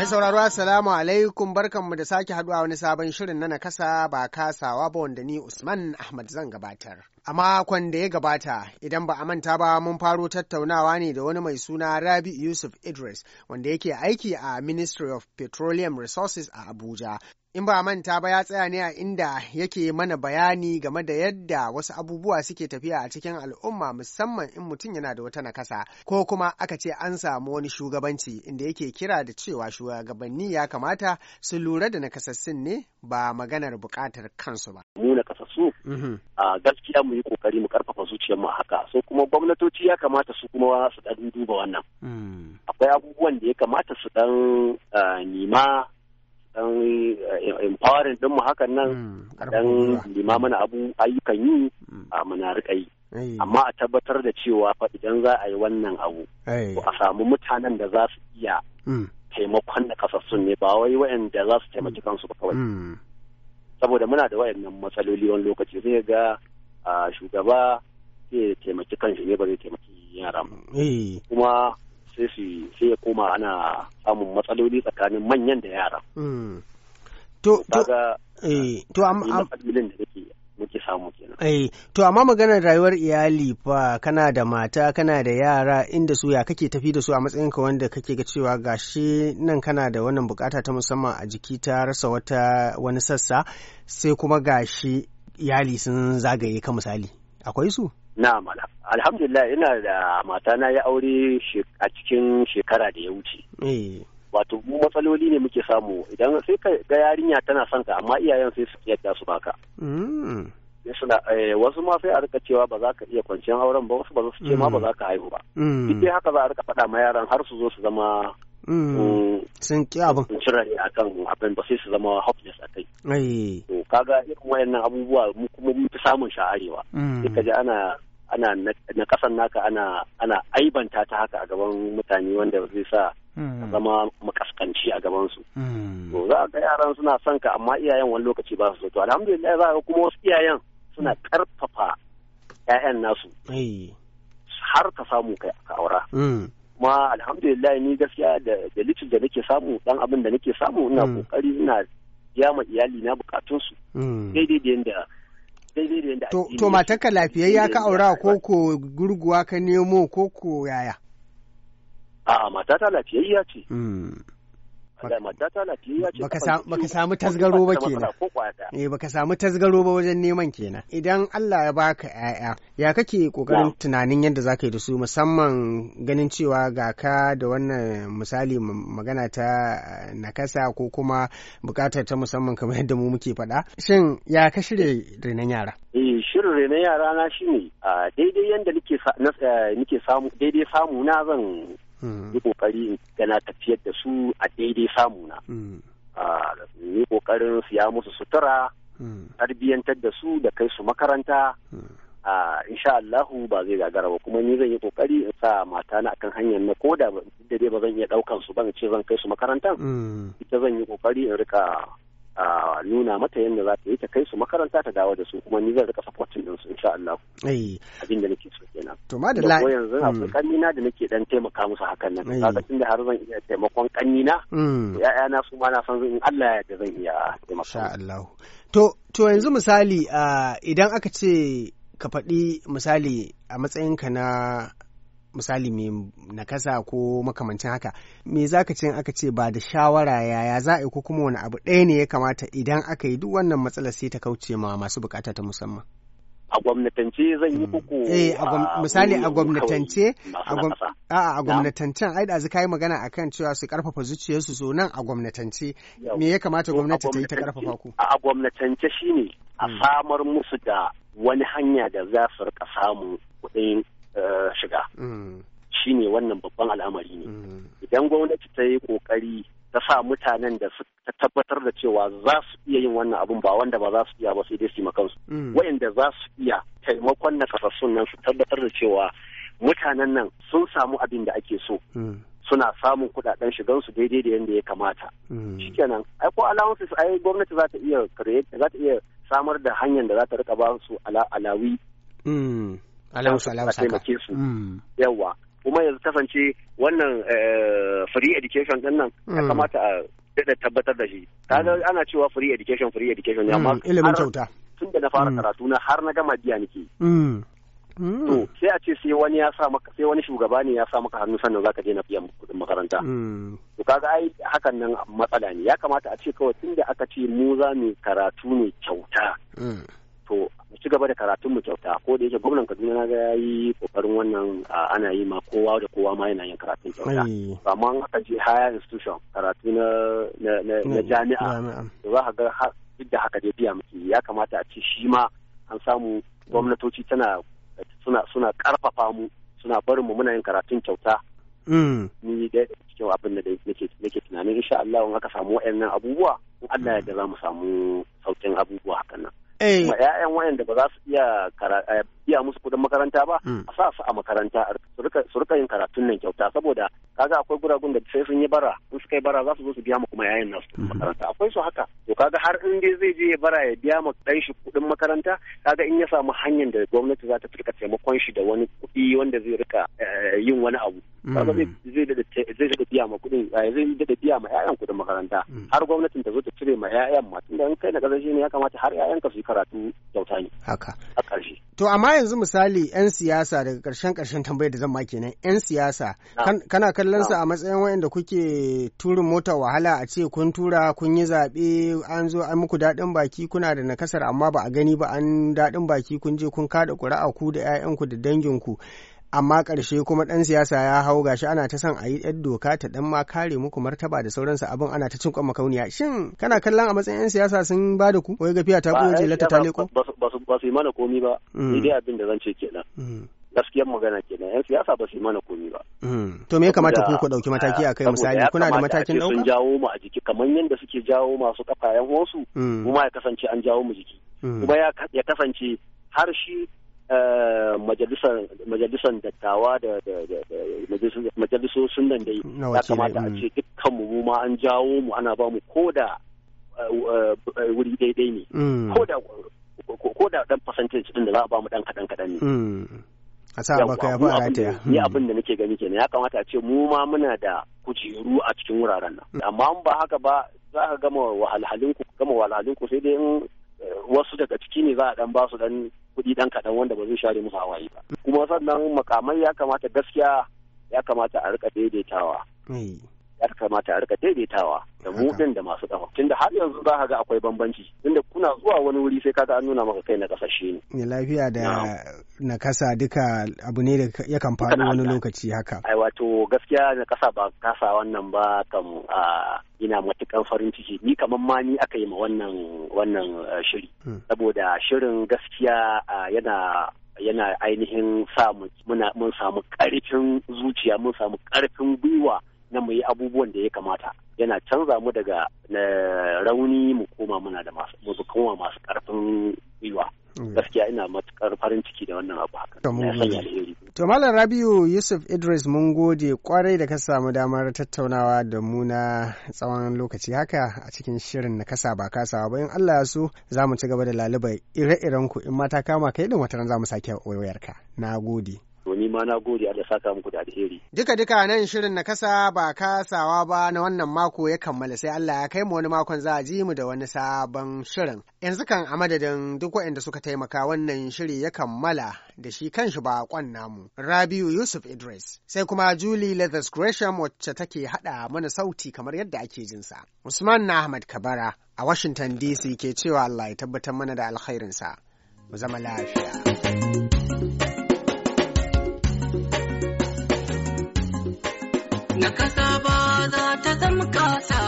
Mai sauraro Assalamu alaikum barkanmu da sake haduwa wani sabon shirin na nakasa ba kasawa ba wanda ni Usman Ahmad zan gabatar. A makon da ya gabata idan ba a manta ba mun faro tattaunawa ne da wani mai suna Rabi Yusuf Idris wanda yake aiki a Ministry of Petroleum Resources a Abuja in ba manta ba ya tsaya ne a inda yake mana bayani game da yadda wasu abubuwa suke tafiya a cikin al'umma musamman in mutum yana da wata nakasa ko kuma aka ce an samu wani shugabanci inda yake kira da cewa shugabanni ya kamata su lura da nakasassun ne ba maganar bukatar kansu ba. Mu nakasassu mhm. a gaskiya mu yi kokari mu karfafa zuciyarmu haka so kuma gwamnatoci ya kamata su kuma su dan duba wannan. Mm. Akwai abubuwan da ya kamata su dan eh, nima dan eh, empowering din mu hakan nan hmm, dan hmm. lima mana abu ayyukan yi hmm. a muna rika yi amma a tabbatar da cewa fa idan za a yi wannan abu ko a samu mutanen da za su iya taimakon da kasassun ne ba wai waɗanda za su taimaki kansu ba kawai saboda muna da waɗannan matsaloli wani lokaci zai ga shugaba zai taimaki kanshi ne ba zai taimaki yara kuma sai su sai ya koma ana samun matsaloli tsakanin manyan da yara to to amma maganar rayuwar iyali fa kana da mata kana da yara inda su ya kake tafi da su a matsayinka wanda kake ga cewa gashi nan kana da wannan bukata ta musamman a jiki ta rasa wata wani sassa sai kuma gashi iyali sun zagaye ka misali. Akwai su? Na mala. Alhamdulillah ina da mata na ya aure a cikin shekara da ya wuce. Eh. Wato mu matsaloli ne muke samu idan sai ka ga yarinya tana son ka amma iyayen sai su yadda su baka. Mm. suna eh, wasu ma sai a rika cewa ba za ka iya kwanciyar auren ba wasu ba su ce ma mm. ba za ka haihu ba. Mm. Duk haka za a rika faɗa ma yaran har su zo su zama Mm. Mm. sun ki abin sun a akan abin ba sai su zama hopeless a kai kaga irin wayannan abubuwa mu kuma mun fi samun sha'arewa mm. sai ka ji ana ana na kasan naka ana ana aibanta ta haka a gaban mutane wanda zai sa zama makaskanci a gaban su to za ga yaran suna son ka amma iyayen wani lokaci ba su so to alhamdulillah za ga kuma wasu iyayen suna karfafa ƴaƴan nasu har ka samu kai ka aura kuma alhamdulillah ni gaskiya da da da nake samu dan abin da nake samu ina mm. kokari ina ya ma iyali na bukatun su mm. daidai da yanda daidai da yanda to to matarka lafiyayya ka aura ko ko gurguwa ka nemo ko ko yaya a'a matata lafiyayya ce mm. baka samu tasgaro ba kenan eh baka samu tasgaro ba wajen neman kenan idan Allah ya baka yaya ya kake kokarin tunanin yadda zaka yi da su musamman ganin cewa ga ka da wannan misali magana ta eh, nakasa ko kuma bukatar ta musamman kamar yadda mu muke faɗa shin ya ka shirya renon yara eh shirin renon yara na shine eh, daidai yadda nake samu daidai samu na zan Mm. yi kokari yana tafiyar da su a daidai samuna yi mm. ah, kokarin siya musu sutura mm. tarbiyyantar da su da kai su makaranta ah, insha Allahu ba zai gagara ba kuma ni zan yi kokari in sa mata na akan hanyar na koda da dai ba zan iya daukan su ban ce zan kai su makarantan ita zan yi kokari in rika a nuna mata yadda za ta yi ta kai su makaranta ta dawo da su kuma ni zan rika supporting din su insha Allah abin da nake so kenan to da ko yanzu mm. akwai kannina da nake dan taimaka musu hakan nan kaga tunda har zan iya taimakon ya ya'ya na su ma na san in Allah ya yarda zan iya taimaka insha Allah to to yanzu misali idan aka ce ka faɗi misali a matsayinka na misali mai nakasa ko makamancin haka me za ka ce aka ce ba da shawara yaya za a yi ko kuma wani abu ɗaya ne ya kamata idan aka yi duk wannan matsalar sai ta kauce ma masu bukata ta musamman a gwamnatance zan yi uku eh misali a gwamnatance a a gwamnatancen ai da zai yi magana akan cewa su karfafa zuciyarsu su nan a gwamnatance me ya kamata gwamnati ta yi ta karfafa ku a gwamnatance shine a hmm. samar musu da wani hanya da za su rika samu kuɗin Eh, shiga mm. shine wannan babban al'amari ne mm. idan gwamnati ta yi kokari ta sa mutanen da ta tabbatar da cewa za su iya yin wannan abun ba wanda ba za su iya ba sai dai su makansu mm. wayanda za su iya taimakon na kasassun nan su tabbatar da cewa mutanen nan sun samu abin da ake so suna samun kudaden shigansu daidai da yadda ya kamata shikenan ai ko allowances ai gwamnati za ta iya za ta iya samar da hanyar da za ta rika ba su alawi alausa alausa ka mm. yawa kuma yanzu kasance wannan eh, free education din nan ya mm. kamata a daɗa tabbatar da shi kaga mm. ana cewa free education free education ne amma ilimin kyauta tun da na fara karatu na har na gama biya nake to sai a ce sai wani ya sa maka sai wani shugaba ne ya sa maka hannu sannan zaka je na biyan kuɗin makaranta to kaga ai hakan nan matsala ne ya kamata a ce kawai da aka ce mu za mu karatu ne kyauta to ci gaba da karatun mu kyauta ko da yake gwamnan Kaduna na ga yayi kokarin wannan ana yi ma kowa da kowa ma yana yin karatun kyauta amma an aka je higher institution karatu na na jami'a za ka ga duk da haka dai biya muke ya kamata a ce shi ma an samu gwamnatoci tana suna suna karfafa mu suna barin mu muna yin karatun kyauta mm. ni da cikin abin da nake tunanin insha Allah in aka samu wa'annan abubuwa in Allah ya da za mu samu sautin abubuwa hakan nan Eh. ma ƴaƴan da ba za su iya eh, biya musu kuɗin makaranta ba hmm. a sa su a makaranta su rika yin karatun nan kyauta saboda kaga akwai guragun da sai sun yi bara in suka yi bara za su zo su biya mu kuma yayin nasu hmm. makaranta akwai su haka to kaga har in dai zai je ya bara ya biya ma dan shi kuɗin makaranta kaga in ya samu hanyar da gwamnati za ta rika taimakon shi da wani kuɗi wanda zai rika eh, yin wani abu kaga zai mm. zai da biya ma kudin eh, zai da biya ma ƴaƴan kudin makaranta mm. har gwamnatin ta zo ta cire ma ƴaƴan ma tunda in kai na kasashe ne ya kamata har ƴaƴan ka su karatu kyauta ne haka a ƙarshe to amma yanzu misali yan siyasa daga ƙarshen ƙarshen tambayar da zan ma kenan yan siyasa kana kallon su a matsayin waɗanda kuke turin mota wahala a ce kun tura kun yi zaɓe an zo an muku daɗin baki kuna da nakasar amma ba a gani ba an daɗin baki kun je kun kada ƙuri'a ku da ƴaƴanku da danginku amma ƙarshe kuma ɗan siyasa ya hau gashi ana ta son a yi ɗan doka ta ɗan ma kare muku martaba da sauransu abin ana ta cin makauniya shin kana kallon a matsayin 'yan siyasa sun ba da ku wai gafiya ta kuma jelata ta leko ba su yi mana komi ba mm. ni abin da zan ce kenan mm. gaskiyar magana kenan yan siyasa ba su yi mana komi ba. Mm. To me ya kamata ku ku ɗauki mataki a kai misali kuna da matakin ɗauka? Sun jawo mu a jiki kamar yadda suke jawo masu kafayen wasu kuma ya kasance an jawo mu jiki. Kuma ya kasance har shi Eh, majalisar dattawa da majalisosun nan dai ya kamata a mm. ce dukkanmu mu ma an jawo mu ana ba mu ko da eh, eh, wuri daidai ne mm. ko da dan percentage din da za a ba mu dan kadan kadan ne mm. a sa baka ya ba rataya ni abin da nake gani kenan ya kamata a ce mu ma muna da kujeru a cikin wuraren nan amma in ba haka ba za ka gama wahalhalin ku gama wahalhalin ku sai dai wasu daga ciki ne za a dan ba su dan kuɗi ɗan kaɗan wanda ba zai share musu hawaye ba kuma sannan makamai ya kamata gaskiya ya kamata a rika daidaitawa ya kamata a rika daidaitawa da mu din da masu dafa. tunda har yanzu za ka ga akwai bambanci tunda kuna zuwa wani wuri sai kaga an nuna maka kai na kasashe ne lafiya da na kasa duka abu ne da ya yakan faɗo wani lokaci haka ai wato gaskiya na kasa ba kasa wannan ba kam a ina matukan farin ciki ni kamar ma ni aka yi ma wannan wannan shiri hmm. saboda shirin gaskiya yana yana ainihin sa muna mun samu karfin zuciya mun samu karfin gwiwa na mu yi abubuwan da ya kamata yana canza mu daga rauni mu koma muna da masu mu koma masu karfin gwiwa mm. gaskiya ina matukar farin ciki da wannan abu haka to malam rabiu yusuf idris mun gode kwarai da ka samu damar tattaunawa da mu na tsawon lokaci haka a cikin shirin na kasa ba kasa ba in allah ya so za mu ci gaba da laluba ire-iren ku in mata kama kai din wata ran za mu sake wayarka na gode to ni ma na gode Allah saka muku da alheri duka duka nan shirin na kasa ba kasawa ba na wannan mako ya kammala sai Allah ya kai mu wani makon za a ji mu da wani sabon shirin yanzu kan a madadin duk waɗanda suka taimaka wannan shiri ya kammala da shi kanshi ba kwan namu Rabiu Yusuf Idris sai kuma Julie Leathers Gresham wacce take hada mana sauti kamar yadda ake jin sa. Usman na Ahmad Kabara a Washington DC ke cewa Allah ya tabbatar mana da alkhairinsa mu zama lafiya na kasa ba za ta zama kasa